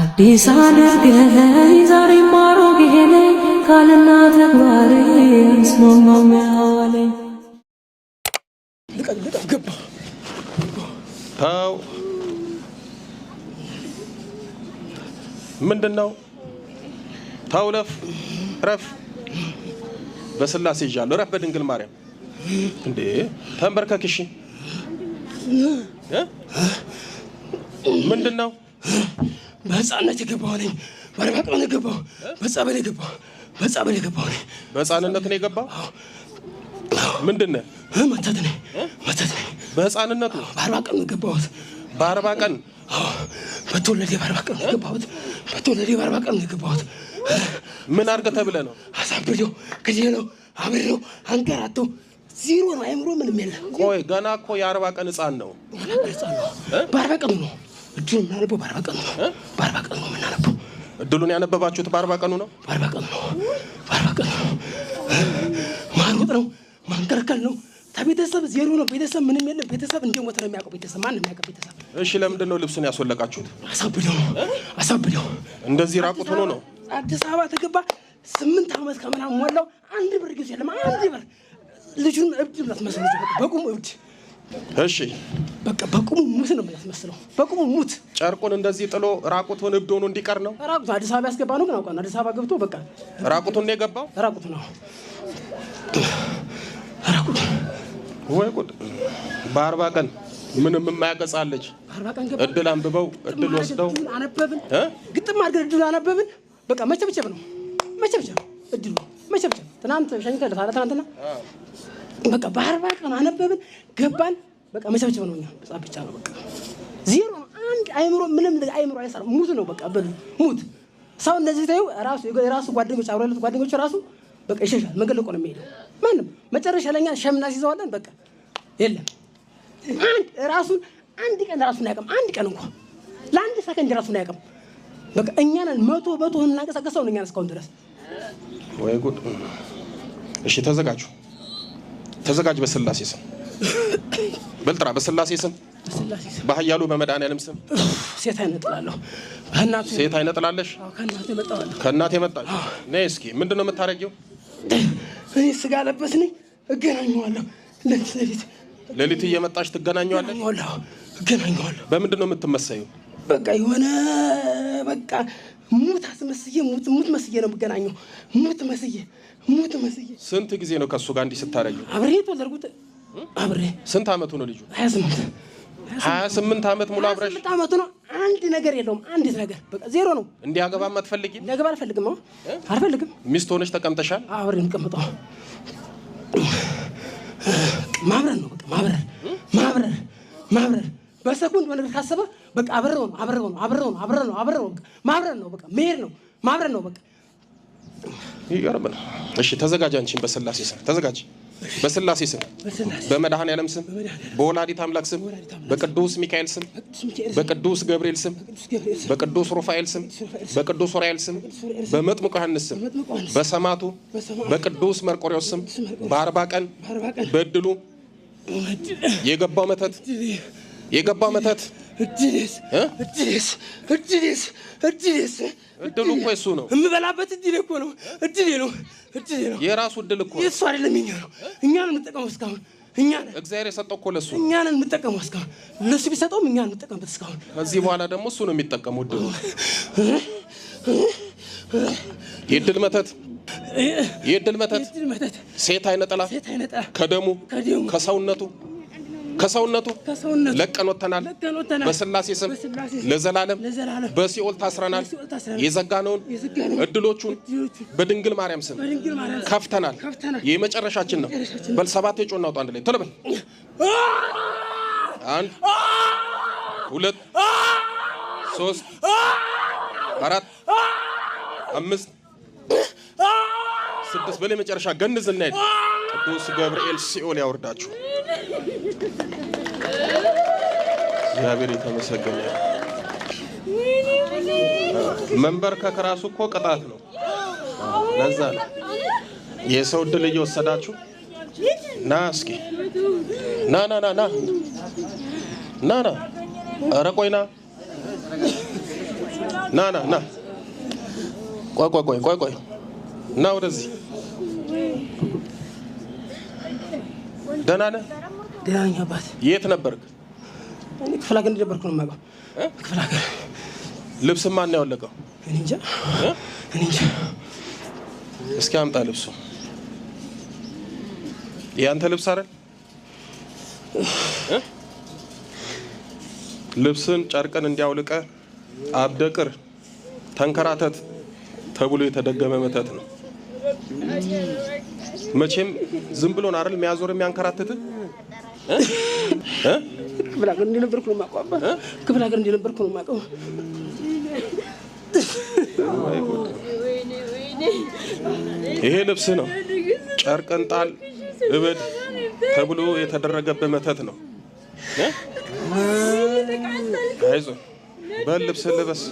አዲስ አድርገኝ ዛሬ ማሮጌኔ ካልና ተግባር ያስማማው ያዋለኝ ተው ምንድን ነው ተው ለፍ ረፍ በስላሴ ይዣለሁ ረፍ በድንግል ማርያም እንዴ ተንበርከክ ምንድን ነው በህፃነት የገባሁ ነኝ። በአርባ ቀን የገባሁ በጸበል የገባሁ በጸበል የገባሁ ነኝ። በህፃንነት ነው የገባሁ። ምንድን ነህ? መተት ነኝ። መተት ነኝ። በህፃንነት ነው። በአርባ ቀን ነው የገባሁት። በአርባ ቀን በተወለደ በአርባ ቀን የገባሁት። በተወለደ በአርባ ቀን የገባሁት። ምን አድርገህ ተብለህ ነው? አሳብዶ ግዜ ነው አብሬው አንገራቶ ዜሮ ነው። አይምሮ ምንም የለም። ቆይ ገና እኮ የአርባ ቀን ህፃን ነው። በአርባ ቀን ነው እድሉን የምናነበው በአርባ ቀኑ ነው። በአርባ ቀኑ ነው የምናነበው። እድሉን ያነበባችሁት በአርባ ቀኑ ነው። በአርባ ቀኑ ነው። በአርባ ቀኑ ነው። ማሮጥ ነው፣ ማንከርከል ነው። ከቤተሰብ ዜሮ ነው። ቤተሰብ ምንም የለም። ቤተሰብ እንደሞተ ነው የሚያውቀው። ቤተሰብ ማን የሚያውቀው ቤተሰብ? እሺ፣ ለምንድን ነው ልብሱን ያስወለቃችሁት? አሳብደው አሳብደው። እንደዚህ ራቁት ሆኖ ነው አዲስ አበባ ተገባ። ስምንት ዓመት ከምናምን ሞላው። አንድ ብር ጊዜ የለም። አንድ ብር ልጁን እብድ ብላት መስሎት በቁም እብድ እሺ በቃ በቁሙ ሙት ነው የሚያስመስለው። በቁሙ ሙት ጨርቁን እንደዚህ ጥሎ ራቁቱን እብድ ሆኖ እንዲቀር ነው። ራቁቱን አዲስ አበባ ያስገባ ነው። ግን አውቃ አዲስ አበባ ገብቶ በቃ ራቁቱን ነው የገባው። ራቁቱ ነው ራቁቱ። ወይ ጉድ! በአርባ ቀን ምንም የማያገጻለች እድል አንብበው እድል ወስደው አነበብን፣ ግጥም አድርገን እድሉ አነበብን። በቃ መቸብቸብ ነው መቸብቸብ፣ እድሉ መቸብቸብ። ትናንት ሸኝተህ ለታለ ትናንትና በቃ በአርባ ቀን አነበብን፣ ገባን። በቃ መቸብቸብ ነው እኛ መጽሐፍ ብቻ ነው በቃ ዜሮ አንድ አይምሮ ምንም አይምሮ አይሰራም። ሙት ነው በቃ ሙት ሰው እንደዚህ ታዩ ራሱ የራሱ ጓደኞች አብረለት ጓደኞች ራሱ በቃ ይሸሻል። መንገድ ነው የሚሄደው ማንም መጨረሻ ለኛ ሸምና ሲዘዋለን በቃ የለም አንድ ራሱን አንድ ቀን ራሱን አያውቅም። አንድ ቀን እንኳ ለአንድ ሰከንድ ራሱን አያውቅም። በቃ እኛን መቶ መቶ የምናንቀሳቀሰው እኛን እስካሁን ድረስ ወይ ጉድ። እሺ ተዘጋጁ። ተዘጋጅ። በስላሴ ስም በልጥራ። በስላሴ ስም በኃያሉ በመድኃኒዓለም ስም ሴት አይነጥላለሁ። ሴት አይነጥላለሽ። ከእናት የመጣሽ ነይ። እስኪ ምንድን ነው የምታደርጊው? እኔ ስጋ ለበስ ነኝ። እገናኘዋለሁ። ሌሊት ሌሊት እየመጣሽ ትገናኘዋለሽ። እገናኘዋለሁ። በምንድን ነው የምትመሰዩ? በቃ የሆነ በቃ ሙት አስመስዬ ሙት መስዬ ነው የምገናኘው። ሙት መስዬ ሙት መስዬ ስንት ጊዜ ነው ከእሱ ጋር እንዲህ ስታደርጊ? አብሬ ተወለድኩት አብሬ። ስንት አመቱ ነው ልጁ? ሀያ ስምንት ሀያ ስምንት አመት ሙሉ አብረሽ አመቱ ነው። አንድ ነገር የለውም። አንድ ነገር በቃ ዜሮ ነው። እንዲያገባ አትፈልጊ? እንዲያገባ አልፈልግም። ነው አልፈልግም። ሚስት ሆነች ተቀምጠሻል? አብሬ የምቀምጠው ማብረር ነው። በቃ ማብረር ማብረር ማብረር በሰኩንድ ነገር ካሰበ በቃ አብረው ነው አብረው ነው አብረው ነው አብረው ነው አብረው ነው ማብረር ነው። በቃ መሄድ ነው ማብረር ነው በቃ ይገርምና እሺ፣ ተዘጋጅ። አንቺን በስላሴ ስም ተዘጋጅ። በስላሴ ስም፣ በመድኃኔ ስም፣ በወላዲት አምላክ ስም፣ በቅዱስ ሚካኤል ስም፣ በቅዱስ ገብርኤል ስም፣ በቅዱስ ሩፋኤል ስም፣ በቅዱስ ኡራኤል ስም፣ በመጥምቁ ዮሐንስ ስም፣ በሰማቱ በቅዱስ መርቆሬዎስ ስም በአርባ ቀን በእድሉ የገባው መተት የገባው መተት እድሉ እኮ የሱ ነው። የምበላበት እድል እኮ ነው። እድሌ ነው። እድሌ ነው። የራሱ እድል እኮ የሱ አይደለም። የኛ ነው። እኛ ነው የምንጠቀመው እስካሁን። እኛ ነን እግዚአብሔር የሰጠው እኮ ለሱ እኛ ነን የምንጠቀመው እስካሁን። ለሱ ቢሰጠውም እኛ ነን የምንጠቀምበት እስካሁን። ከዚህ በኋላ ደግሞ እሱ ነው የሚጠቀመው እድሉ። የእድል መተት የእድል መተት ሴት አይነጠላ ከደሙ ከሰውነቱ ከሰውነቱ ለቀን ወጥተናል። በስላሴ ስም ለዘላለም በሲኦል ታስረናል። የዘጋነውን እድሎቹን በድንግል ማርያም ስም ከፍተናል። የመጨረሻችን ነው። በል ሰባት የጮህ እናውጣ አንድ ላይ ቶሎ በል። አንድ ሁለት ሶስት አራት አምስት ስድስት በል የመጨረሻ ገንዝ እናሄድ። ቅዱስ ገብርኤል ሲኦል ያወርዳችሁ። እግዚአብሔር የተመሰገነ መንበርከክ ራሱ እኮ ቅጣት ነው። ለዛ ነው የሰው እድል እየወሰዳችሁ ና እስኪ ና ና ና ና ና ና ኧረ ቆይ ና ና ና ና ቆይ ቆይ ቆይ ቆይ ቆይ ና ወደዚህ ደህና ነህ? ዳኛ አባት የት ነበርክ? እኔ ክፍለ ሀገር እንደነበርኩ ነው የማውቀው። ክፍለ ሀገር ልብስ ማን ነው ያወለቀው? እኔ እንጃ እኔ እንጃ። እስኪ አምጣ ልብሱ። ያንተ ልብስ አይደል? ልብስን ጨርቅን እንዲያውልቀ አብደቅር ተንከራተት ተብሎ የተደገመ መተት ነው። መቼም ዝም ብሎን አይደል የሚያዞር የሚያንከራትት ክፍለ ሀገር እንደነበርኩ ነው የማውቀው። አባ ክፍለ ሀገር እንደነበርኩ ነው የማውቀው። ይሄ ልብስህ ነው። ጨርቅን ጣል እብድ ተብሎ የተደረገብህ መተት ነው። አይዞህ በል ልብስህን ልበስ።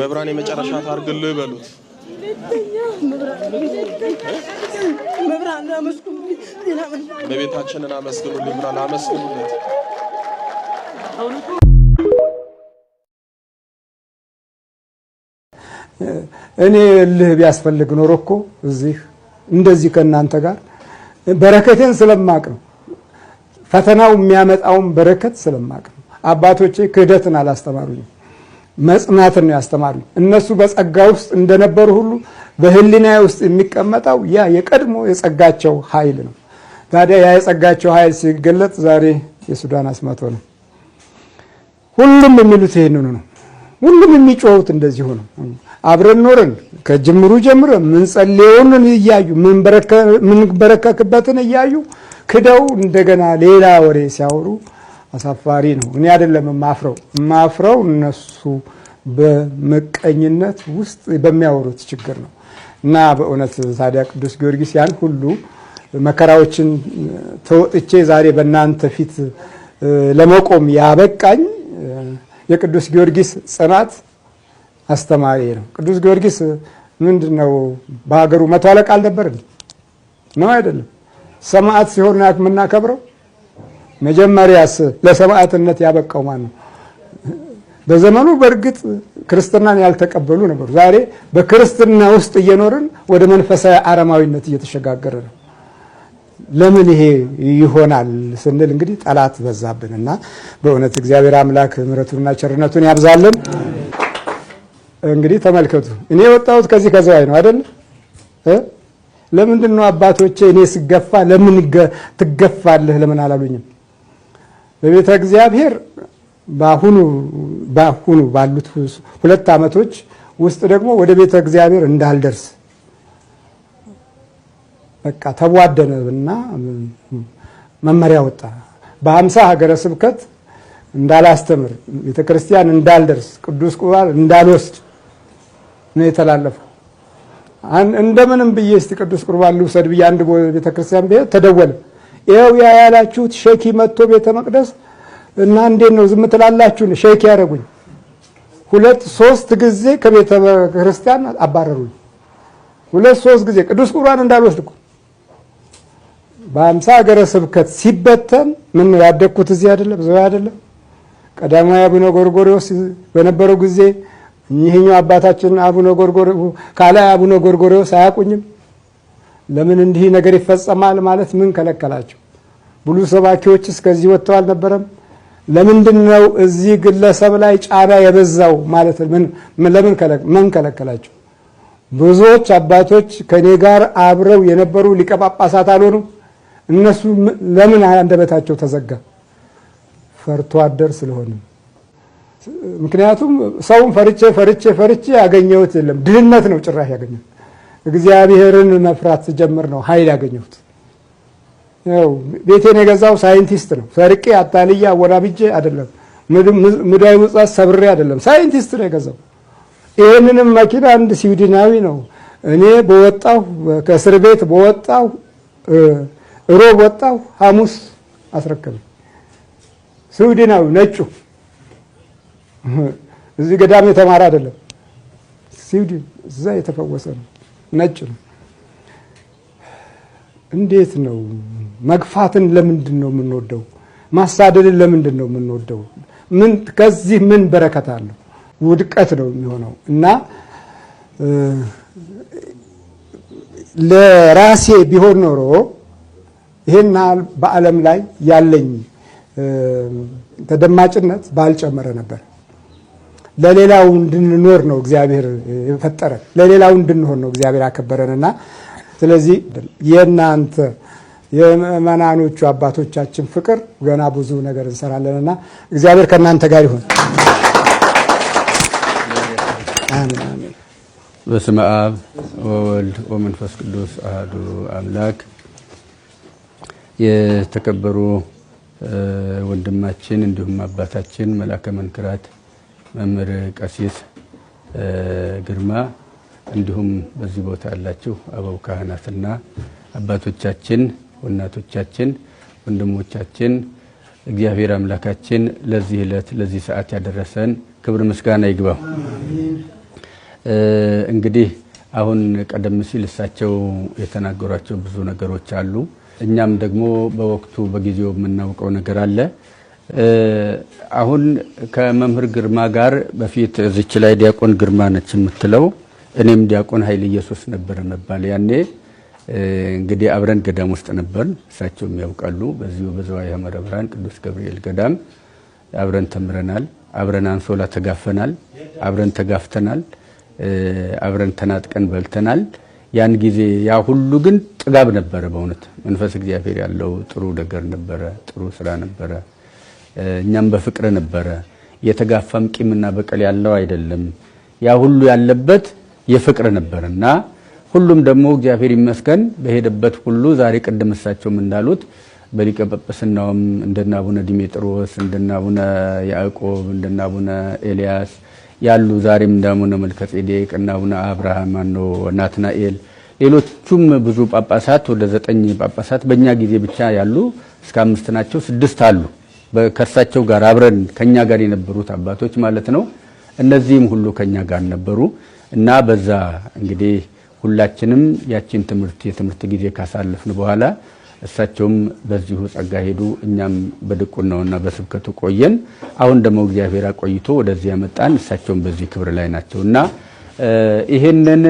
መብራን የመጨረሻ ታርግልህ በሉት። መብራን እመቤታችንን አመስግኑልኝ ብሏል። አመስግኑለት። እኔ እልህ ቢያስፈልግ ኖሮ እኮ እዚህ እንደዚህ ከእናንተ ጋር በረከቴን ስለማቅ ነው። ፈተናው የሚያመጣውን በረከት ስለማቅ ነው። አባቶቼ ክህደትን አላስተማሩኝ፣ መጽናትን ነው ያስተማሩኝ። እነሱ በጸጋ ውስጥ እንደነበሩ ሁሉ በህሊና ውስጥ የሚቀመጠው ያ የቀድሞ የጸጋቸው ኃይል ነው። ታዲያ ያ የጸጋቸው ኃይል ሲገለጥ ዛሬ የሱዳን አስመቶ ነው። ሁሉም የሚሉት ይህንኑ ነው። ሁሉም የሚጮሁት እንደዚሁ ነው። አብረን ኖረን ከጅምሩ ጀምረ ምንጸልየውን እያዩ ምንበረከክበትን እያዩ ክደው እንደገና ሌላ ወሬ ሲያወሩ አሳፋሪ ነው። እኔ አይደለም ማፍረው ማፍረው እነሱ በምቀኝነት ውስጥ በሚያወሩት ችግር ነው። እና በእውነት ታዲያ ቅዱስ ጊዮርጊስ ያን ሁሉ መከራዎችን ተወጥቼ ዛሬ በእናንተ ፊት ለመቆም ያበቃኝ የቅዱስ ጊዮርጊስ ጽናት አስተማሪ ነው። ቅዱስ ጊዮርጊስ ምንድን ነው? በሀገሩ መቶ አለቃ አልነበር ነው አይደለም? ሰማዕት ሲሆን ነው የምናከብረው። መጀመሪያስ ለሰማዕትነት ያበቃው ማን ነው? በዘመኑ በእርግጥ ክርስትናን ያልተቀበሉ ነበሩ። ዛሬ በክርስትና ውስጥ እየኖርን ወደ መንፈሳዊ አረማዊነት እየተሸጋገረ ነው። ለምን ይሄ ይሆናል ስንል እንግዲህ ጠላት በዛብን እና በእውነት እግዚአብሔር አምላክ ምሕረቱንና ቸርነቱን ያብዛልን። እንግዲህ ተመልከቱ፣ እኔ የወጣሁት ከዚህ ከዘዋይ ነው አይደል? ለምንድን ነው አባቶቼ እኔ ስገፋ ለምን ትገፋለህ ለምን አላሉኝም? በቤተ እግዚአብሔር በአሁኑ በአሁኑ ባሉት ሁለት ዓመቶች ውስጥ ደግሞ ወደ ቤተ እግዚአብሔር እንዳልደርስ በቃ ተቧደነና መመሪያ ወጣ። በአምሳ ሀገረ ስብከት እንዳላስተምር፣ ቤተ ክርስቲያን እንዳልደርስ፣ ቅዱስ ቁባር እንዳልወስድ ነው የተላለፈው። እንደምንም ብዬ እስቲ ቅዱስ ቁርባን ልውሰድ ብዬ አንድ ቤተ ክርስቲያን ብሄድ ተደወለ። ይኸው ያ ያላችሁት ሸኪ መጥቶ ቤተ መቅደስ እና እንዴት ነው ዝም ትላላችሁን? ሼክ ያደረጉኝ ሁለት ሶስት ጊዜ ከቤተ ክርስቲያን አባረሩኝ። ሁለት ሶስት ጊዜ ቅዱስ ቁርባን እንዳልወስድ በአምሳ ሀገረ ስብከት ሲበተን ምን ያደኩት ያደግኩት እዚህ አይደለም ዘው አይደለም። ቀዳማዊ አቡነ ጎርጎሪዎስ በነበረው ጊዜ እኚህኛው አባታችን አቡነ ጎርጎሪዎስ ካላይ አቡነ ጎርጎሪዎስ አያውቁኝም። ለምን እንዲህ ነገር ይፈጸማል ማለት ምን ከለከላቸው? ብሉ ሰባኪዎች እስከዚህ ወጥተው አልነበረም? ለምንድን ነው እዚህ ግለሰብ ላይ ጫና የበዛው ማለት ለምን ምን ከለከላቸው? ብዙዎች አባቶች ከኔ ጋር አብረው የነበሩ ሊቀ ጳጳሳት አልሆኑ? እነሱ ለምን አንደበታቸው ተዘጋ? ፈርቶ አደር ስለሆነ። ምክንያቱም ሰውን ፈርቼ ፈርቼ ፈርቼ ያገኘሁት የለም ድህነት ነው ጭራሽ ያገኘሁት። እግዚአብሔርን መፍራት ስጀምር ነው ኃይል ያገኘሁት። ቤቴን የገዛው ሳይንቲስት ነው። ሰርቄ አታልዬ አወራብጄ አይደለም። ምዳይ ውጻት ሰብሬ አይደለም። ሳይንቲስት ነው የገዛው። ይህንንም መኪና አንድ ስዊድናዊ ነው። እኔ በወጣሁ ከእስር ቤት በወጣሁ ሮብ ወጣሁ፣ ሐሙስ አስረከበ። ስዊድናዊ ነጩ፣ እዚህ ገዳም የተማረ አይደለም። ስዊድን እዛ የተፈወሰ ነው፣ ነጭ ነው። እንዴት ነው መግፋትን ለምንድን ነው የምንወደው? ማሳደድን ለምንድን ነው የምንወደው? ምን ከዚህ ምን በረከት አለው? ውድቀት ነው የሚሆነው እና ለራሴ ቢሆን ኖሮ ይሄን ያህል በዓለም ላይ ያለኝ ተደማጭነት ባልጨመረ ነበር። ለሌላው እንድንኖር ነው እግዚአብሔር የፈጠረን፣ ለሌላው እንድንሆን ነው እግዚአብሔር ያከበረን እና ስለዚህ የእናንተ የምእመናኖቹ አባቶቻችን ፍቅር ገና ብዙ ነገር እንሰራለን እና እግዚአብሔር ከእናንተ ጋር ይሁን። በስመ አብ ወወልድ ወመንፈስ ቅዱስ አህዱ አምላክ። የተከበሩ ወንድማችን እንዲሁም አባታችን መላከ መንክራት መምህር ቀሲስ ግርማ እንዲሁም በዚህ ቦታ ያላችሁ አበው ካህናትና አባቶቻችን፣ እናቶቻችን፣ ወንድሞቻችን እግዚአብሔር አምላካችን ለዚህ ዕለት ለዚህ ሰዓት ያደረሰን ክብር ምስጋና ይግባው። እንግዲህ አሁን ቀደም ሲል እሳቸው የተናገሯቸው ብዙ ነገሮች አሉ። እኛም ደግሞ በወቅቱ በጊዜው የምናውቀው ነገር አለ። አሁን ከመምህር ግርማ ጋር በፊት እዚች ላይ ዲያቆን ግርማ ነች የምትለው እኔም ዲያቆን ኃይለ ኢየሱስ ነበር መባል ያኔ እንግዲህ አብረን ገዳም ውስጥ ነበር። እሳቸውም ያውቃሉ። በዚሁ በዝዋይ ሐመረ ብርሃን ቅዱስ ገብርኤል ገዳም አብረን ተምረናል። አብረን አንሶላ ተጋፈናል። አብረን ተጋፍተናል። አብረን ተናጥቀን በልተናል። ያን ጊዜ ያ ሁሉ ግን ጥጋብ ነበረ። በእውነት መንፈስ እግዚአብሔር ያለው ጥሩ ነገር ነበረ፣ ጥሩ ስራ ነበረ። እኛም በፍቅር ነበረ የተጋፋም ቂምና በቀል ያለው አይደለም ያ ሁሉ ያለበት የፍቅር ነበርና ሁሉም ደግሞ እግዚአብሔር ይመስገን በሄደበት ሁሉ ዛሬ ቅድም እሳቸውም እንዳሉት በሊቀ ጳጳስናውም እንደና አቡነ ዲሜጥሮስ እንደና አቡነ ያዕቆብ እንደና አቡነ ኤልያስ ያሉ ዛሬም እንደ አቡነ መልከጼዴቅ እና አቡነ አብርሃም አኖ ናትናኤል ሌሎቹም ብዙ ጳጳሳት ወደ ዘጠኝ ጳጳሳት በእኛ ጊዜ ብቻ ያሉ እስከ አምስት ናቸው፣ ስድስት አሉ። ከእርሳቸው ጋር አብረን ከኛ ጋር የነበሩት አባቶች ማለት ነው። እነዚህም ሁሉ ከኛ ጋር ነበሩ። እና በዛ እንግዲህ ሁላችንም ያችን ትምህርት የትምህርት ጊዜ ካሳለፍን በኋላ እሳቸውም በዚሁ ጸጋ ሄዱ። እኛም በድቁናውና በስብከቱ ቆየን። አሁን ደግሞ እግዚአብሔር አቆይቶ ወደዚህ ያመጣን እሳቸውም በዚህ ክብር ላይ ናቸው እና ይህንን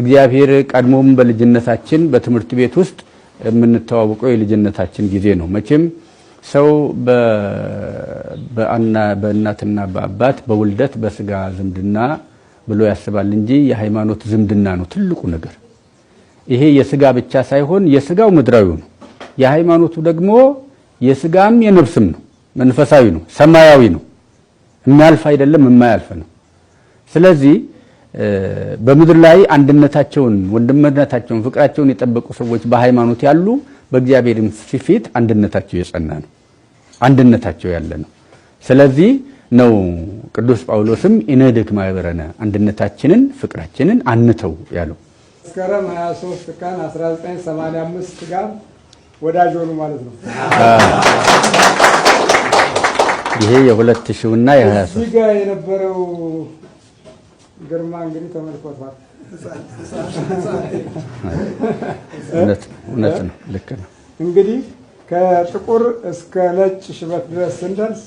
እግዚአብሔር ቀድሞም በልጅነታችን በትምህርት ቤት ውስጥ የምንተዋወቀው የልጅነታችን ጊዜ ነው። መቼም ሰው በእናትና በአባት በውልደት በስጋ ዝምድና ብሎ ያስባል እንጂ የሃይማኖት ዝምድና ነው ትልቁ ነገር። ይሄ የስጋ ብቻ ሳይሆን የስጋው ምድራዊ ነው፣ የሃይማኖቱ ደግሞ የስጋም የነፍስም ነው፣ መንፈሳዊ ነው፣ ሰማያዊ ነው፣ የሚያልፍ አይደለም፣ የማያልፍ ነው። ስለዚህ በምድር ላይ አንድነታቸውን፣ ወንድምነታቸውን፣ ፍቅራቸውን የጠበቁ ሰዎች በሃይማኖት ያሉ በእግዚአብሔር ፊት አንድነታቸው የጸና ነው፣ አንድነታቸው ያለ ነው። ስለዚህ ነው ቅዱስ ጳውሎስም ኢነድክ ማህበረነ አንድነታችንን ፍቅራችንን አንተው ያለው መስከረም 23 ቀን 1985 ጋር ወዳጅ ሆኑ ማለት ነው። ይሄ የሁለት ሺውና የ እዚህ የነበረው ግርማ እንግዲህ ተመልኮቷል። እውነት ነው፣ ልክ ነው። እንግዲህ ከጥቁር እስከ ነጭ ሽበት ድረስ ስንደርስ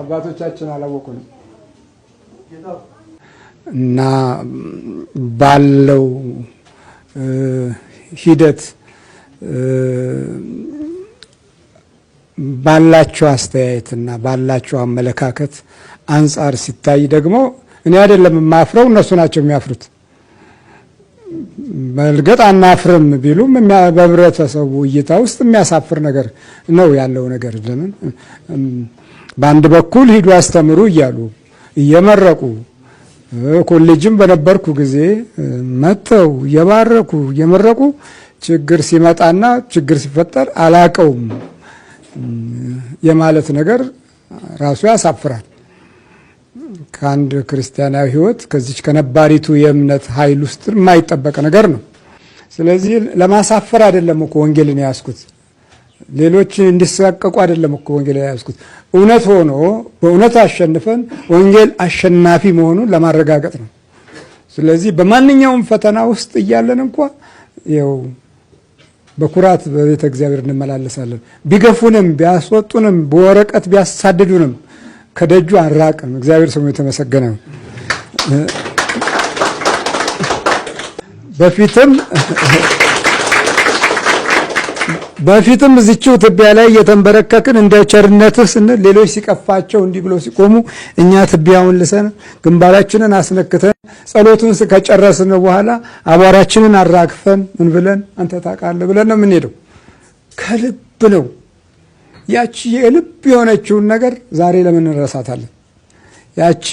አባቶቻችን አላወቁንም እና ባለው ሂደት ባላቸው አስተያየትና ባላቸው አመለካከት አንጻር ሲታይ ደግሞ እኔ አይደለም የማፍረው፣ እነሱ ናቸው የሚያፍሩት። በእርግጥ አናፍርም ቢሉም በህብረተሰቡ እይታ ውስጥ የሚያሳፍር ነገር ነው ያለው ነገር ለምን በአንድ በኩል ሂዱ አስተምሩ እያሉ እየመረቁ ኮሌጅም በነበርኩ ጊዜ መጥተው እየባረኩ እየመረቁ ችግር ሲመጣና ችግር ሲፈጠር አላቀውም የማለት ነገር ራሱ ያሳፍራል። ከአንድ ክርስቲያናዊ ሕይወት ከዚች ከነባሪቱ የእምነት ኃይል ውስጥ የማይጠበቅ ነገር ነው። ስለዚህ ለማሳፈር አይደለም እኮ ወንጌልን ያስኩት ሌሎች እንዲሳቀቁ አይደለም እኮ ወንጌል ያዝኩት። እውነት ሆኖ በእውነት አሸንፈን ወንጌል አሸናፊ መሆኑን ለማረጋገጥ ነው። ስለዚህ በማንኛውም ፈተና ውስጥ እያለን እንኳ ይኸው በኩራት በቤተ እግዚአብሔር እንመላለሳለን። ቢገፉንም፣ ቢያስወጡንም፣ በወረቀት ቢያሳድዱንም ከደጁ አንራቅም። እግዚአብሔር ስሙ የተመሰገነ ነው። በፊትም በፊትም እዚችው ትቢያ ላይ እየተንበረከክን እንደ ቸርነትህ ስንል ሌሎች ሲቀፋቸው እንዲህ ብሎ ሲቆሙ እኛ ትቢያውን ልሰን ግንባራችንን አስነክተን ጸሎቱን ከጨረስን በኋላ አቧራችንን አራግፈን ምን ብለን አንተ ታውቃለህ ብለን ነው የምንሄደው። ከልብ ነው። ያቺ የልብ የሆነችውን ነገር ዛሬ ለምን እንረሳታለን? ያቺ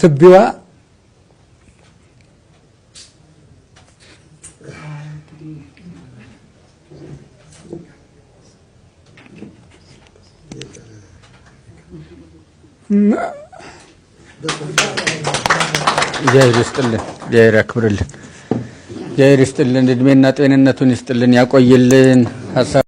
ትቢዋ እግዚአብሔር ይስጥልን፣ እግዚአብሔር ያክብርልን፣ እግዚአብሔር ይስጥልን፣ እድሜና ጤንነቱን ይስጥልን፣ ያቆይልን።